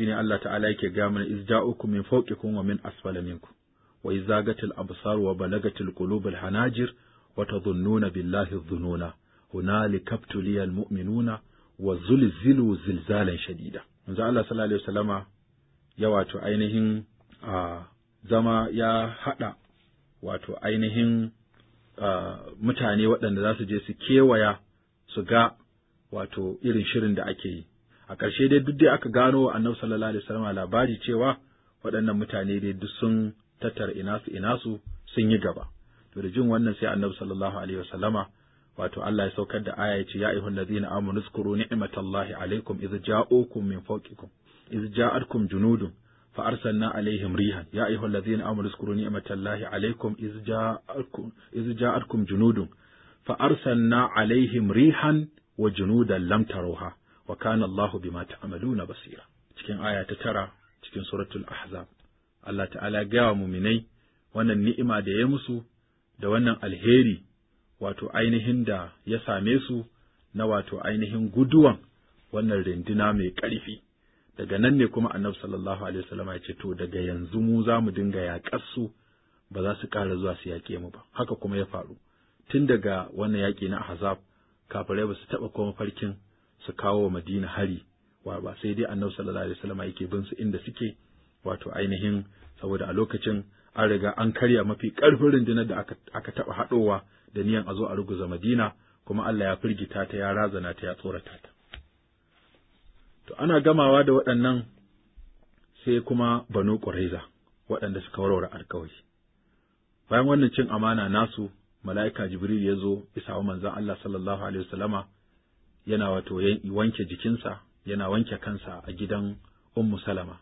shine Allah ta'ala yake ga mana izda'ukum min fawqikum wa min asfala minkum wa izagatil absar wa balagatil qulubul hanajir wa tadhunnuna billahi dhununa hunalika ibtuliyal mu'minuna wa zulzilu zilzalan shadida manzo Allah sallallahu alaihi wasallama ya wato ainihin a zama ya hada wato ainihin mutane waɗanda za su je su kewaya su ga wato irin shirin da ake yi a ƙarshe dai duk dai aka gano wa annabi sallallahu alaihi wasallam labari cewa waɗannan mutane dai duk sun tattara inasu inasu sun yi gaba to da jin wannan sai annabi sallallahu alaihi wasallama wato Allah ya saukar da aya yace ya ayyuhal ladina amanu zkuru ni'matallahi alaikum idh ja'ukum min fawqikum idh ja'atkum junudun fa arsalna alaihim rihan ya ayyuhal ladina amanu zkuru ni'matallahi alaikum idh ja'atkum idh ja'atkum junudun fa arsalna alaihim rihan wa junudan lam taruha wa kana Allahu bima ta'maluna basira cikin aya ta tara cikin suratul ahzab Allah ta'ala ya gaya wa muminai wannan ni'ima da ya musu da wannan alheri wato ainihin da ya same su na wato ainihin guduwan wannan rinduna mai ƙarfi daga nan ne kuma annabi sallallahu alaihi wasallam ya ce to daga yanzu mu za mu dinga yaƙar su ba za su ƙara zuwa su yaƙe mu ba haka kuma ya faru tun daga wannan yaƙi na ahzab kafirai ba su taɓa koma farkin su kawo wa Madina hari wa ba sai dai Annabi sallallahu alaihi wasallam yake bin su inda suke wato ainihin saboda a lokacin an riga an karya mafi karfin rundunar da aka, aka taɓa haɗowa da niyan a zo a ruguza Madina kuma Allah ya firgita ta ya razana ta ya tsorata ta. To ana gamawa da waɗannan sai kuma Banu Quraiza waɗanda suka warware alkawari. Bayan wannan cin amana nasu mala'ika Jibril ya zo isa wa manzon Allah sallallahu alaihi wasallama yana wato wanke jikinsa yana wanke kansa a gidan Ummu Salama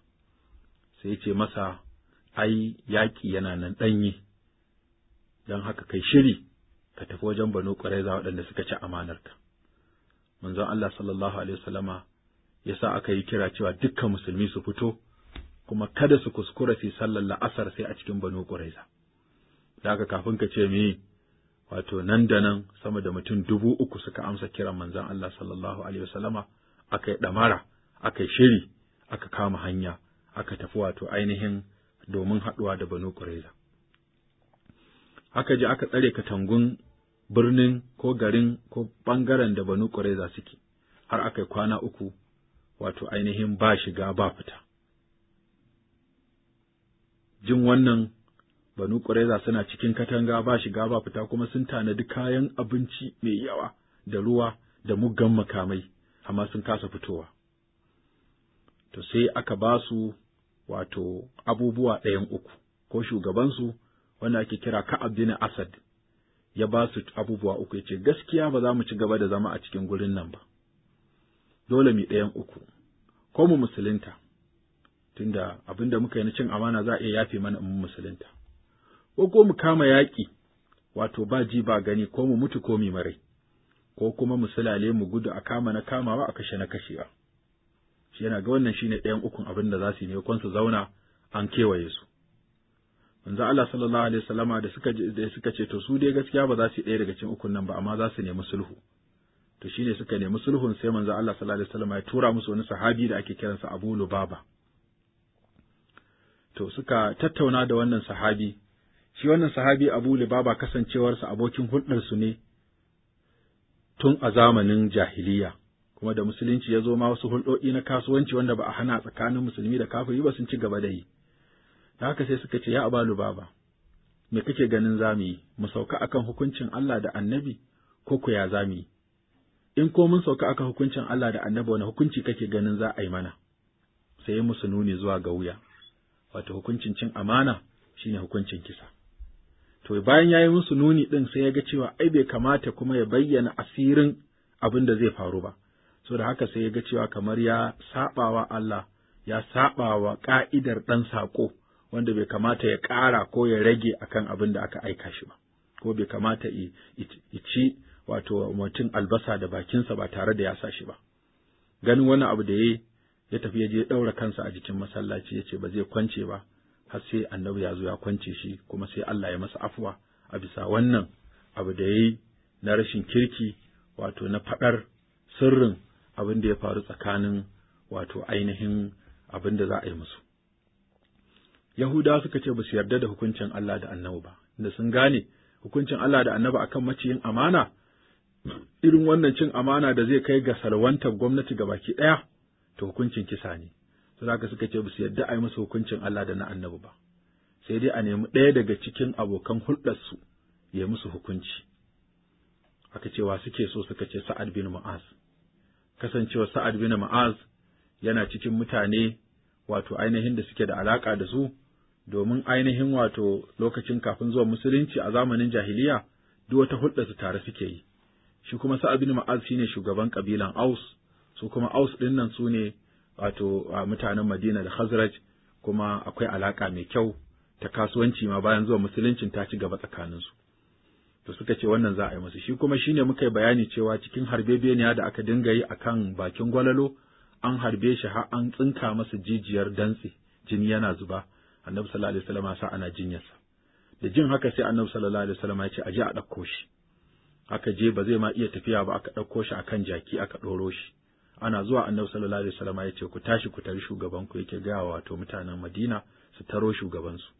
sai ce masa ai yaƙi yana nan ɗanyi don haka kai shiri ka tafi wajen Banu Qurayza waɗanda suka ci amanar ka. manzon Allah sallallahu alaihi wasallama ya sa aka yi kira cewa dukkan musulmi su fito kuma kada su kuskura fi sallar la'asar sai a cikin Banu Qurayza Za haka kafin ka ce me wato nan da nan sama da mutum dubu uku suka amsa kiran manzan Allah sallallahu alaihi wasallama aka yi ɗamara aka shiri aka kama hanya aka tafi wato ainihin domin haɗuwa da Banu Qurayza aka je aka tsare katangun birnin ko garin ko ɓangaren da Banu suke har akai kwana uku wato ainihin ba shiga ba fita jin wannan Banu Ƙuraiza suna cikin katanga ba shiga ba fita kuma sun tanadi kayan abinci mai yawa da ruwa da muggan makamai, amma sun kasa fitowa. To sai aka ba su wato abubuwa ɗayan uku, ko shugabansu wanda ake kira Ka'ab bin Asad ya ba su abubuwa uku ya ce gaskiya ba za mu ci gaba da zama a cikin gurin nan ba. Dole mu ɗayan uku, ko mu musulunta, tunda abin da muka yi na cin amana za a iya yafe mana mu musulunta. ko ko mu kama yaƙi, wato ba ji ba gani ko mu mutu ko mu marai, ko kuma mu sulale mu gudu a kama na kamawa a kashe na kashewa. Shi yana ga wannan shine ɗayan ukun abin da za su yi maimakon su zauna an kewaye su. Manzo Allah sallallahu alaihi wasallama da suka da suka ce to su dai gaskiya ba za su ɗaya daga cikin ukun nan ba amma za su nemi sulhu. To shine suka nemi sulhun sai manzo Allah sallallahu alaihi wasallama ya tura musu wani sahabi da ake kiransa Abu Lubaba. To suka tattauna da wannan sahabi shi wannan sahabi Abu Libaba kasancewarsa abokin hulɗarsu ne tun a zamanin jahiliya kuma da musulunci ya zo ma wasu hulɗoɗi na kasuwanci wanda ba a hana tsakanin musulmi da kafiri ba sun ci gaba da yi da haka sai suka ce ya Abu Libaba me kake ganin zamu yi mu sauka akan hukuncin Allah da Annabi ko ku ya zamu yi in ko mun sauka akan hukuncin Allah da Annabi wani hukunci kake ganin za a yi mana sai musu nuni zuwa ga wuya wato hukuncin cin amana shine hukuncin kisa to bayan ya yi musu nuni ɗin sai ya ga cewa ai bai kamata kuma ya bayyana asirin abin da zai faru ba so da haka sai ya ga cewa kamar ya saɓawa Allah ya saɓawa ƙa'idar ɗan saƙo wanda bai kamata ya ƙara ko ya rage akan abin da aka aika shi ba ko bai kamata ici ci wato mutum albasa da bakinsa ba tare da ya sa shi ba ganin wani abu da ya ya tafi ya je ɗaura kansa a jikin masallaci ya ce ba zai kwance ba har sai annabi ya zo ya kwance shi kuma sai Allah ya masa afuwa a bisa wannan abu da ya na rashin kirki wato na faɗar sirrin abin da ya faru tsakanin wato ainihin abin da za a yi musu. Yahuda suka ce ba su yarda da hukuncin Allah da annabi ba, da sun gane hukuncin Allah da annabi akan maciyin amana, irin wannan cin amana da zai kai ga salwantar gwamnati ga baki ɗaya, to hukuncin kisa ne. saboda suka ce ba su yarda a musu hukuncin Allah da na annabi ba sai dai a nemi ɗaya daga cikin abokan hulɗarsu ya musu hukunci aka cewa suke so suka ce Sa'ad bin Mu'az kasancewa Sa'ad bin Mu'az yana cikin mutane wato ainihin da suke da alaka da su domin ainihin wato lokacin kafin zuwa musulunci a zamanin jahiliya duk wata hulɗa su tare suke yi shi kuma Sa'ad bin Mu'az shine shugaban kabilan Aus su kuma Aus ɗin nan su ne wato mutanen Madina da Khazraj kuma akwai alaka mai kyau ta kasuwanci ma bayan zuwa musuluncin ta ci gaba tsakaninsu. To suka ce wannan za a yi musu shi kuma shine muka yi bayani cewa cikin harbebeniya da aka dinga yi akan bakin gwalalo an harbe shi har an tsinka masa jijiyar dantse jini yana zuba annabi sallallahu alaihi wasallam sa ana jinyarsa da jin haka sai annabi sallallahu alaihi wasallam ya ce a ji a ɗauko shi aka je ba zai ma iya tafiya ba aka ɗauko shi akan jaki aka ɗoro shi ana zuwa annabi sallallahu alaihi wasallam ya ce ku tashi ku tari shugaban ku yake gaya wato mutanen Madina su taro shugaban su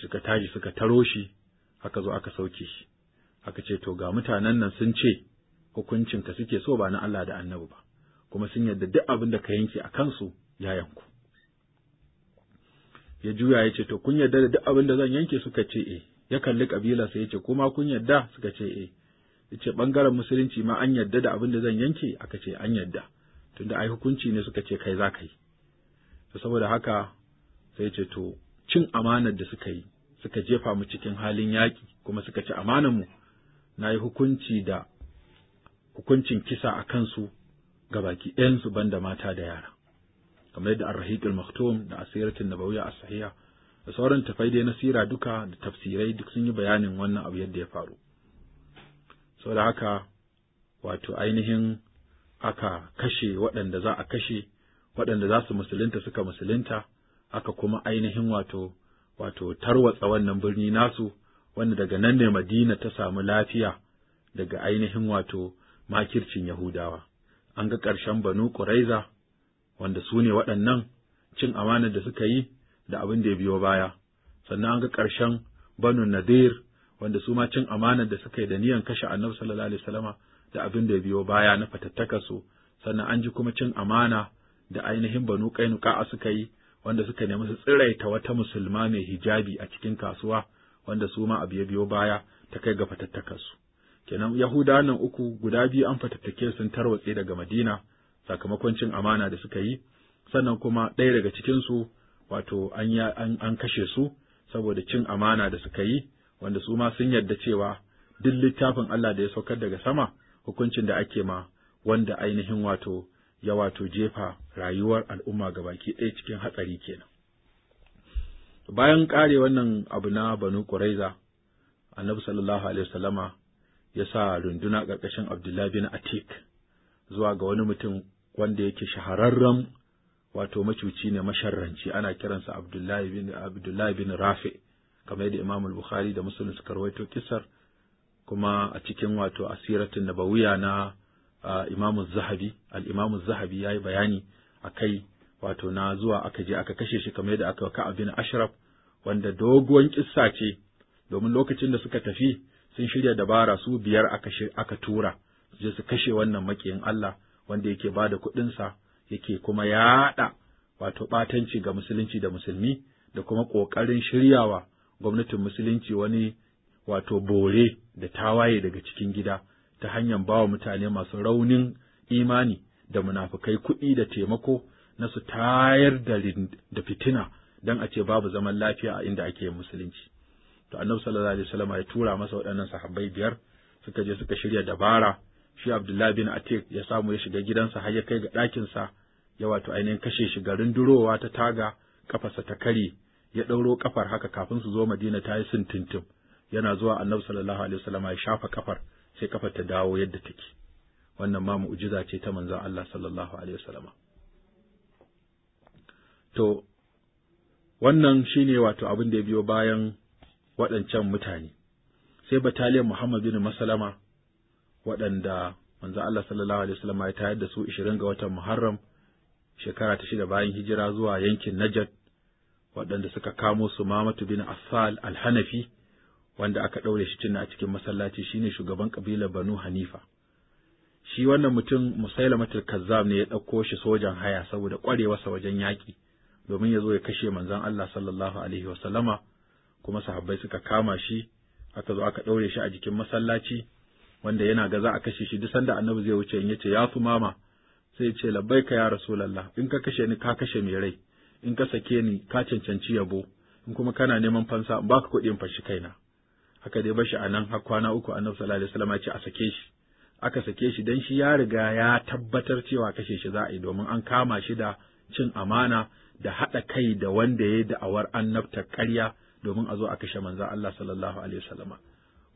suka tashi suka taro shi aka zo aka sauke shi aka ce to ga mutanen nan sun ce hukuncin ka suke so ba na Allah da annabi ba kuma sun yarda duk abin da ka yanke a kansu ya yanku ya juya ya ce to kun yarda da duk abin da zan yanke suka ce eh ya kalli sai ya ce kuma kun yarda suka ce eh ce ɓangaren musulunci ma an yadda da abin da zan yanke aka ce an yarda tunda ai hukunci ne suka ce kai za ka yi to saboda haka sai ce to cin amanar da suka yi suka jefa mu cikin halin yaƙi kuma suka ci amanar mu na yi hukunci da hukuncin kisa a kansu ga baki ɗayansu banda mata da yara kamar yadda ar-rahiq al-maktum da asiratin nabawiya as-sahiha da sauran tafai da na sira duka da tafsirai duk sun yi bayanin wannan abu yadda ya faru saboda haka wato ainihin aka kashe waɗanda za a kashe waɗanda za su musulunta suka musulunta aka kuma ainihin wato wato tarwatsa wannan birni nasu wanda daga nan ne Madina ta samu lafiya daga ainihin wato makircin Yahudawa an ga ƙarshen Banu Quraiza wanda su ne waɗannan cin amanar da suka yi da abin da ya biyo baya sannan an ga ƙarshen Banu Nadir wanda su ma cin amanar da suka yi da niyan kashe annabi sallallahu alaihi wasallama da abin da ya biyo baya na fatattaka su sannan an ji kuma cin amana da ainihin banu kainuka suka yi wanda suka nemi su tsiraita wata musulma mai hijabi a cikin kasuwa wanda su ma abu biyo baya ta kai ga fatattaka su kenan yahuda nan uku guda biyu an fatattake sun tarwatse daga madina sakamakon cin amana da suka yi sannan kuma ɗaya daga cikin su wato an, an, an kashe su saboda cin amana da suka yi wanda su ma sun yarda cewa duk littafin Allah da ya saukar daga sama hukuncin da ake ma wanda ainihin wato ya wato jefa rayuwar al'umma ga baki ɗaya cikin hatsari kenan. Bayan ƙare wannan abu na Banu Ƙuraiza, Annabi sallallahu alaihi wasallama ya sa runduna ƙarƙashin Abdullahi bin Atik zuwa ga wani mutum wanda yake shahararren wato macuci ne masharranci ana kiransa Abdullahi Abdullahi bin Rafi kamar yadda Imam Bukhari da Muslim suka rawaito kisar kuma a cikin wato asiratun nabawiya na Imam Zahabi al-Imam Zahabi yayi bayani akai wato na zuwa aka je aka kashe shi kamar yadda aka ka abin Ashraf wanda doguwan kissa ce domin lokacin da suka tafi sun shirya dabara su biyar aka aka tura su je su kashe wannan makiyin Allah wanda yake ba da kuɗinsa yake kuma yaɗa wato ɓatanci ga musulunci da musulmi da kuma ƙoƙarin shiryawa gwamnatin musulunci wani wato bore da tawaye daga cikin gida ta hanyar ba wa mutane masu raunin imani da munafukai kuɗi da taimako na su tayar da, da fitina don a ce babu zaman lafiya a inda ake musulunci. To annabi sallallahu alaihi wasallam ya tura masa waɗannan sahabbai biyar suka je suka shirya dabara shi Abdullahi bin Atik ya samu ya shiga gidansa har ya kai ga ɗakinsa ya wato ainihin kashe shi garin durowa ta taga kafarsa ta kare ya ɗauro ƙafar haka kafin su zo Madina ta yi sintintim yana zuwa Annabi sallallahu alaihi wasallam ya shafa ƙafar sai ƙafar ta dawo yadda take wannan ma mu'jiza ce ta manzon Allah sallallahu alaihi wasallam to wannan shine wato abin da ya biyo bayan waɗancan mutane sai bataliyar Muhammad bin Masalama waɗanda manzo Allah sallallahu alaihi wasallam ya tayar da su 20 ga watan Muharram shekara ta shida bayan hijira zuwa yankin Najd waɗanda suka kamo su Mamatu bin asal al-Hanafi wanda aka ɗaure shi cinna a cikin masallaci shine shugaban kabilar Banu Hanifa. Shi wannan mutum Musailamatul Kazzab ne ya ɗauko shi sojan haya saboda ƙwarewarsa wajen yaƙi domin ya zo ya kashe manzon Allah sallallahu alaihi wa sallama kuma sahabbai suka kama shi aka zo aka ɗaure shi a jikin masallaci wanda yana ga za a kashe shi duk sanda annabi zai wuce in yace ya su mama sai ce labbaika ya rasulullah in ka kashe ni ka kashe mai rai in ka sake ni ka cancanci yabo in kuma kana neman fansa ba ka kuɗi in fashi kaina haka dai bashi a nan har kwana uku annabi sallallahu alaihi wasallam ya ce a sake shi aka sake shi dan shi ya riga ya tabbatar cewa kashe shi za a yi domin an kama shi da cin amana da haɗa kai da wanda ya yi da'awar annabta ƙarya domin a zo a kashe manzan Allah sallallahu alaihi wasallam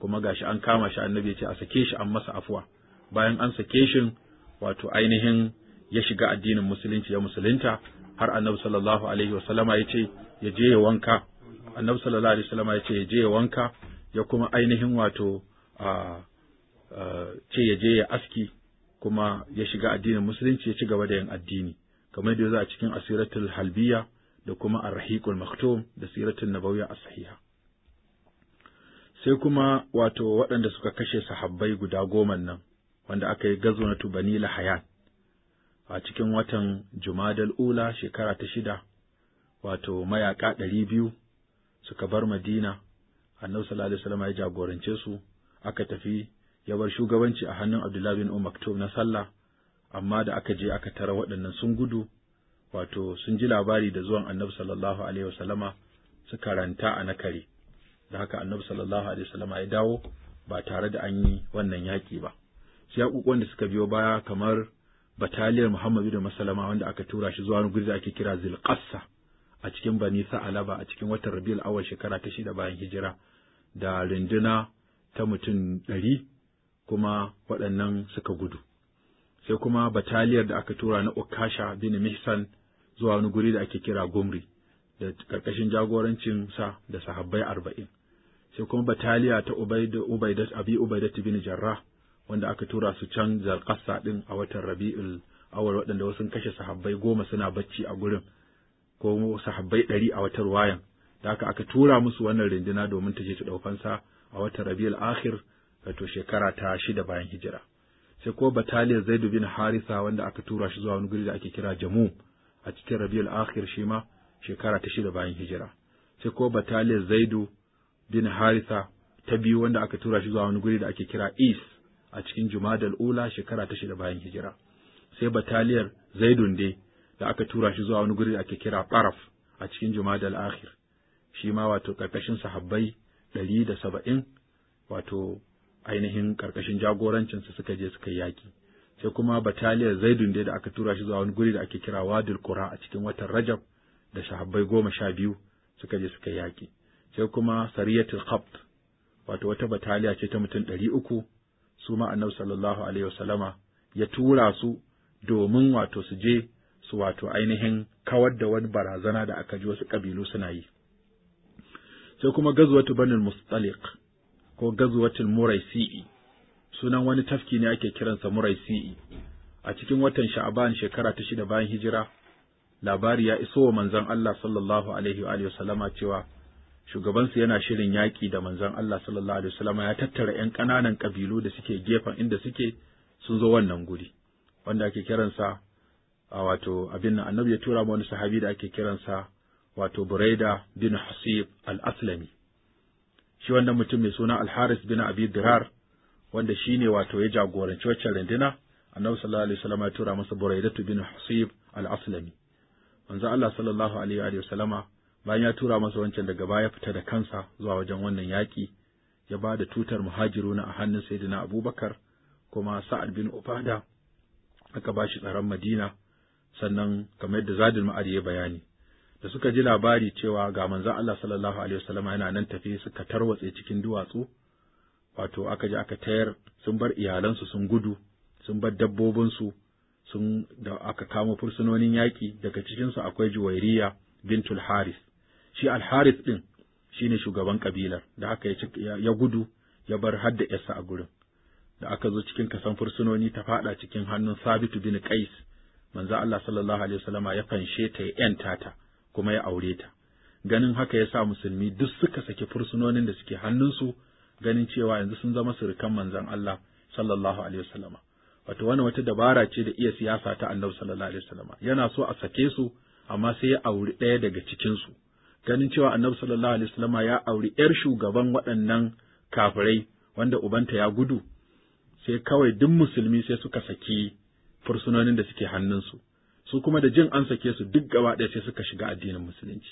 kuma gashi an kama shi annabi ya ce a sake shi an masa afuwa bayan an sake shi wato ainihin ya shiga addinin musulunci ya musulunta har annabi sallallahu alaihi sallama ya ce ya je ya wanka annabi sallallahu alaihi sallama ya ce ya je ya wanka ya kuma ainihin wato ce ya je ya aski kuma ya shiga addinin musulunci ya ci gaba da yin addini kamar da za a cikin asiratul halbiya da kuma arhiqul maktum da siratul nabawiyya as-sahiha sai kuma wato waɗanda suka kashe sahabbai guda goman nan wanda aka yi gazo na tubani hayat a cikin watan Jumadal Ula shekara ta shida, wato mayaƙa ɗari biyu suka bar Madina, annabi sallallahu alaihi wasallam ya jagorance su, aka tafi ya bar shugabanci a hannun Abdullah bin umm Maktub na sallah, amma da aka je aka tara waɗannan sun gudu, wato sun ji labari da zuwan annabi sallallahu alaihi wasallama suka ranta a nakare, da haka annabi sallallahu alaihi wasallama ya dawo ba tare da an yi wannan yaƙi ba. Sai da suka biyo baya kamar bataliyar Muhammad bin Masalama wanda aka tura shi zuwa wani guri da ake kira Zilqassa a cikin Bani Sa'alaba a cikin watan Rabiul Awwal shekara ta shida bayan hijira da runduna ta mutum ɗari kuma waɗannan suka gudu. Sai kuma bataliyar da aka tura na Okasha bin Mihsan zuwa wani guri da ake kira Gumri da ƙarƙashin jagorancin sa da sahabbai arba'in. Sai kuma bataliya ta Ubaidat Abi Ubaidat bin Jarrah wanda aka tura su can zarkassa din a watan rabi'ul awal waɗanda wasu kashe sahabbai goma suna bacci a gurin ko sahabbai ɗari a watan wayan da aka aka tura musu wannan rinduna domin ta je ta ɗaukansa a watan rabi'ul akhir wato shekara ta shida bayan hijira sai ko bataliyar zaidu bin harisa wanda aka tura shi zuwa wani guri da ake kira jamu a cikin rabi'ul akhir shi ma shekara ta shida bayan hijira sai ko bataliyar zaidu bin harisa ta biyu wanda aka tura shi zuwa wani guri da ake kira is a cikin Jumadal Ula shekara ta shida bayan hijira. Sai bataliyar Zaidun dai da aka tura shi zuwa wani guri da ake kira Baraf a cikin Jumadal Akhir. Shi ma wato ƙarƙashin sahabbai ɗari da saba'in wato ainihin ƙarƙashin jagorancinsa suka je suka yaƙi. Sai kuma bataliyar Zaidun dai da aka tura shi zuwa wani guri da ake kira Wadul Kura a cikin watan Rajab da sahabbai goma sha biyu suka je suka yaƙi. Sai kuma Sariyatul Khabt wato wata bataliya ce ta mutum ɗari uku su ma annabi sallallahu alaihi wasallama ya tura su domin wato su je su wato ainihin kawar da wani barazana da aka ji wasu ƙabilu suna yi. Sai kuma gazuwatu banin mustaliq ko gazuwatul muraisi'i sunan wani tafki ne ake kiransa muraisi'i a cikin watan sha'aban shekara ta shida bayan hijira labari ya iso wa manzon Allah sallallahu alaihi wa sallama cewa shugabansu yana shirin yaƙi da manzon Allah sallallahu alaihi wasallam ya tattara ’yan ƙananan ƙabilu da suke gefen inda suke sun zo wannan guri, wanda ake kiransa a wato abin nan annabi ya tura wani sahabi da ake kiransa wato Buraida bin Hasib al-Aslami. Shi wannan mutum mai suna Al-Haris bin Abi Dirar wanda shi ne wato ya jagoranci waccan runduna, annabi sallallahu alaihi wasallam ya tura masa Buraidatu bin Hasib al-Aslami. Manzo Allah sallallahu alaihi wa bayan ya tura masa wancan daga baya fita da kansa zuwa wajen wannan yaƙi ya ba da tutar muhajiruna a hannun sayyidina abubakar kuma sa'ad bin ubada aka ba shi tsaron madina sannan kamar yadda zadul ma'ad ya bayani da suka ji labari cewa ga manzan Allah sallallahu alaihi wasallam yana nan tafi suka tarwatse cikin duwatsu wato aka ji aka tayar sun bar iyalansu sun gudu sun bar dabbobinsu sun da aka kamo fursunonin yaƙi daga cikinsu akwai Juwairiya bintul Haris shi alharis ɗin shi ne shugaban ƙabilar da aka ya gudu ya bar hadda yarsa a gurin da aka zo cikin kasan fursunoni ta faɗa cikin hannun sabitu bin qais manzo Allah sallallahu alaihi wasallama ya fanshe ta ya yanta ta kuma ya aure ta ganin haka ya sa musulmi duk suka saki fursunonin da suke hannunsu ganin cewa yanzu sun zama surukan manzon Allah sallallahu alaihi wasallama wato wani wata dabara ce da iya siyasa ta annabi sallallahu alaihi wasallama yana so a sake su amma sai ya auri ɗaya daga cikinsu ganin cewa annabi sallallahu alaihi wasallam ya auri ‘yar shugaban waɗannan kafirai wanda ubanta ya gudu, sai kawai duk musulmi sai suka saki fursunonin da suke hannunsu, su kuma da jin an sake su duk gaba ɗaya sai suka shiga addinin musulunci.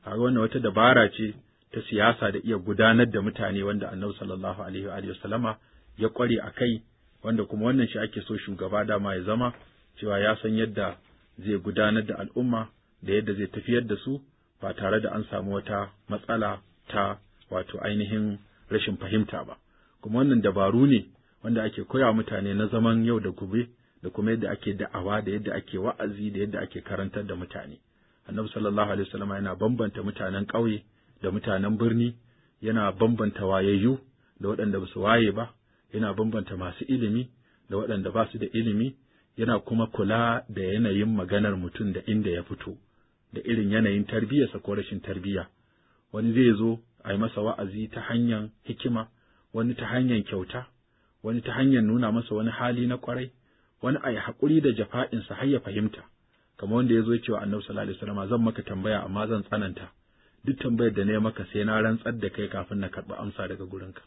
Haka wannan wata dabara ce ta siyasa da iya gudanar da mutane wanda annabi sallallahu alaihi wa wasallama ya kware a kai, wanda kuma wannan shi ake so shugaba dama ya zama, cewa ya san yadda zai gudanar da al'umma da yadda zai tafiyar da su ba tare da an samu wata matsala ta wato ainihin rashin fahimta ba kuma wannan dabaru ne wanda ake koya mutane na zaman yau da gobe da kuma yadda ake da'awa da yadda ake wa'azi da yadda ake karantar da mutane annabi sallallahu alaihi wasallam yana bambanta mutanen ƙauye da mutanen birni yana bambanta wayayyu da waɗanda ba su waye ba yana bambanta masu ilimi da waɗanda ba su da ilimi yana kuma kula da yanayin maganar mutum da inda ya fito da irin yanayin tarbiyyarsa ko rashin tarbiyya wani zai zo a yi masa wa'azi ta hanyar hikima wani ta hanyar kyauta wani ta hanyar nuna masa wani hali na kwarai wani a yi haƙuri da jafa'insa har ya fahimta kamar wanda ya zo cewa annabi sallallahu alaihi wasallam zan maka tambaya amma zan tsananta duk tambayar da na yi maka sai na rantsar da kai kafin na karɓi amsa daga gurin ka.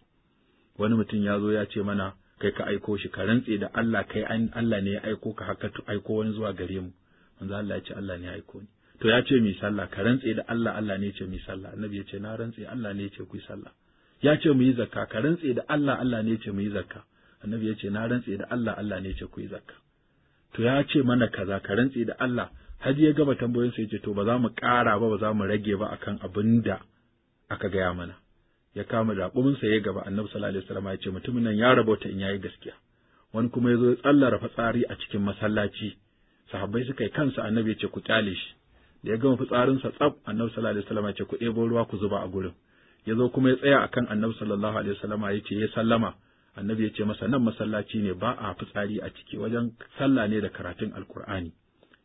wani mutum ya zo ya ce mana kai ka aiko shi ka rantse da Allah kai Allah ne ya aiko ka haka aiko wani zuwa gare mu manzo Allah ya ce Allah ne ya aiko ni to ya ce mu sallah ka rantse da Allah Allah ne ce mu sallah annabi ya ce na rantse Allah ne ce ku sallah ya ce mu yi zakka ka rantse da Allah Allah ne ce mu yi zakka annabi ya ce na rantse da Allah Allah ne ce ku yi zakka to ya ce mana kaza ka rantse da Allah haji ya gaba tambayoyin sa ya ce to ba za mu ƙara ba ba za mu rage ba akan abin da aka gaya mana ya kama da sa ya gaba annabi sallallahu alaihi wasallam ya ce mutumin nan ya rabota in yayi gaskiya wani kuma ya zo ya tsallara fatsari a cikin masallaci sahabbai suka yi kansa annabi ya ce ku tsale shi da ya gama fitsarinsa tsaf annabi sallallahu alaihi wasallam ya ce ku ɗebo ruwa ku zuba a gurin ya zo kuma ya tsaya akan annabi sallallahu alaihi wasallam ya ce ya sallama annabi ya ce masa nan masallaci ne ba a fitsari a ciki wajen sallah ne da karatun alkur'ani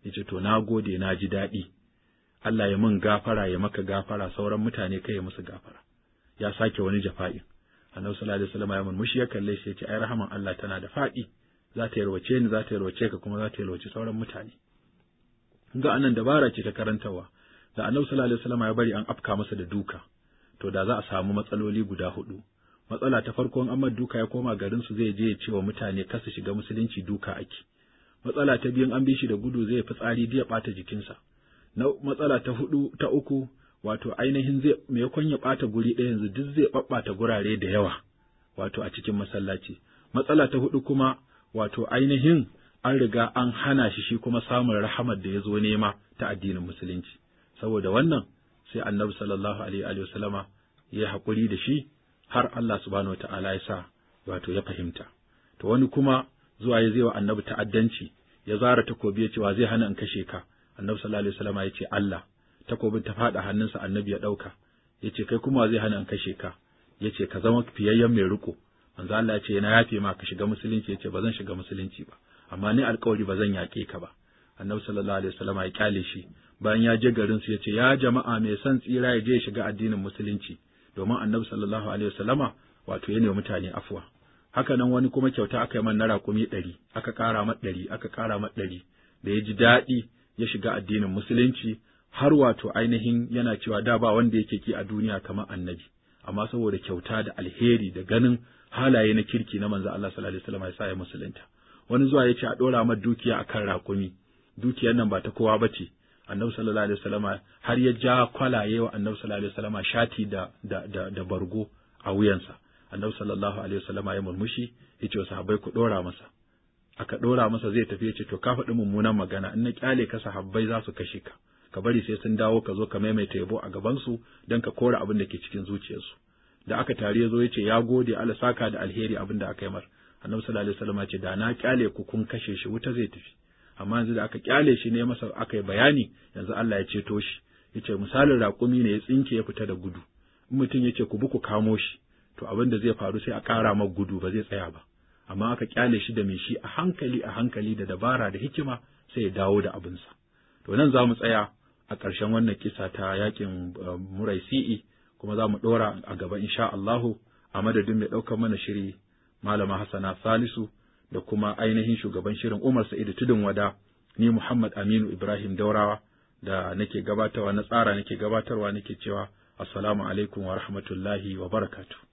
ya ce to na gode na ji daɗi Allah ya mun gafara ya maka gafara sauran mutane kai ya musu gafara ya sake wani jafa'in annabi sallallahu alaihi wasallam ya murmushi ya kalle shi ya ce ai rahaman Allah tana da faɗi za ta yarwace ni za ta yarwace ka kuma za ta yarwace sauran mutane ga anan dabara ce ta karantawa da annabi sallallahu alaihi wasallam ya bari an afka masa da duka to da za a samu matsaloli guda hudu matsala ta farko in Ahmad duka ya koma garin su zai je ya ce wa mutane kar su shiga musulunci duka ake matsala ta biyu an bi shi da gudu zai fitsari da ya bata jikinsa na matsala ta hudu ta uku wato ainihin zai maimakon ya bata guri ɗaya yanzu duk zai babbata gurare da yawa wato a cikin masallaci matsala ta hudu kuma wato ainihin an riga an hana shi shi kuma samun rahamar da ya zo nema ta addinin musulunci saboda wannan sai annabi sallallahu alaihi wa sallama ya haƙuri da shi har Allah subhanahu ta'ala ya sa wato ya fahimta to wani kuma zuwa ya zai wa annabi ta'addanci ya zara takobi ya ce wa zai hana in kashe ka annabi sallallahu alaihi wasallama ya ce Allah takobin ta faɗa hannunsa annabi ya ɗauka ya ce kai kuma zai hana in kashe ka ya ce ka zama fiyayyen mai riko manzo Allah ya ce na yafe ma ka shiga musulunci ya ce ba zan shiga musulunci ba amma ni alkawari ba zan yaƙe ka ba annabi sallallahu alaihi wasallam ya kyale shi bayan ya je garin su ce ya jama'a mai son tsira ya je ya shiga addinin musulunci domin annabi sallallahu alaihi wasallama wato ya nemi mutane afuwa haka nan wani kuma kyauta aka yi man nara kuma ɗari aka ƙara ma ɗari aka ƙara ma ɗari da ya ji daɗi ya shiga addinin musulunci har wato ainihin yana cewa da ba wanda yake ki a duniya kamar annabi amma saboda kyauta da alheri da ganin halaye na kirki na manzo Allah sallallahu alaihi wasallam ya sa ya musulunta wani zuwa ya ce a ɗora mar dukiya a kan raƙumi dukiyar nan ba ta kowa ba ce annabi sallallahu alaihi wasallama har ya ja kwalaye wa annabi sallallahu alaihi wasallama shati da da da, bargo a wuyansa annabi sallallahu alaihi wasallama ya murmushi ya ce sahabbai ku ɗora masa aka ɗora masa zai tafi ya ce to ka faɗi mummunan magana in na kyale ka sahabbai za su kashe ka ka bari sai sun dawo ka zo ka maimaita yabo a gabansu don ka kora abin da ke cikin zuciyarsu da aka tare ya zo ya ce ya gode ala saka da alheri abin da aka yi mar annabi sallallahu alaihi wasallam ce da na kyale ku kun kashe shi wuta zai tafi amma yanzu da aka kyale shi ne masa aka yi bayani yanzu Allah ya ceto shi yace misalin raƙumi ne ya tsinke ya fita da gudu in mutum yace ku bi ku kamo shi to abin da zai faru sai a ƙara mar gudu ba zai tsaya ba amma aka kyale shi da mai shi a hankali a hankali da dabara da hikima sai ya dawo da abinsa to nan za mu tsaya a ƙarshen wannan kisa ta yakin eh, murai si'i kuma za mu ɗora a gaba insha Allahu a madadin mai ɗaukar mana shiri Malama Hassana Salisu da kuma ainihin shugaban shirin Umar Sa'idu Tudun Wada, ni Muhammad Aminu Ibrahim Daurawa da nake gabatarwa na tsara nake gabatarwa nake cewa Assalamu alaikum wa rahmatullahi wa barakatu.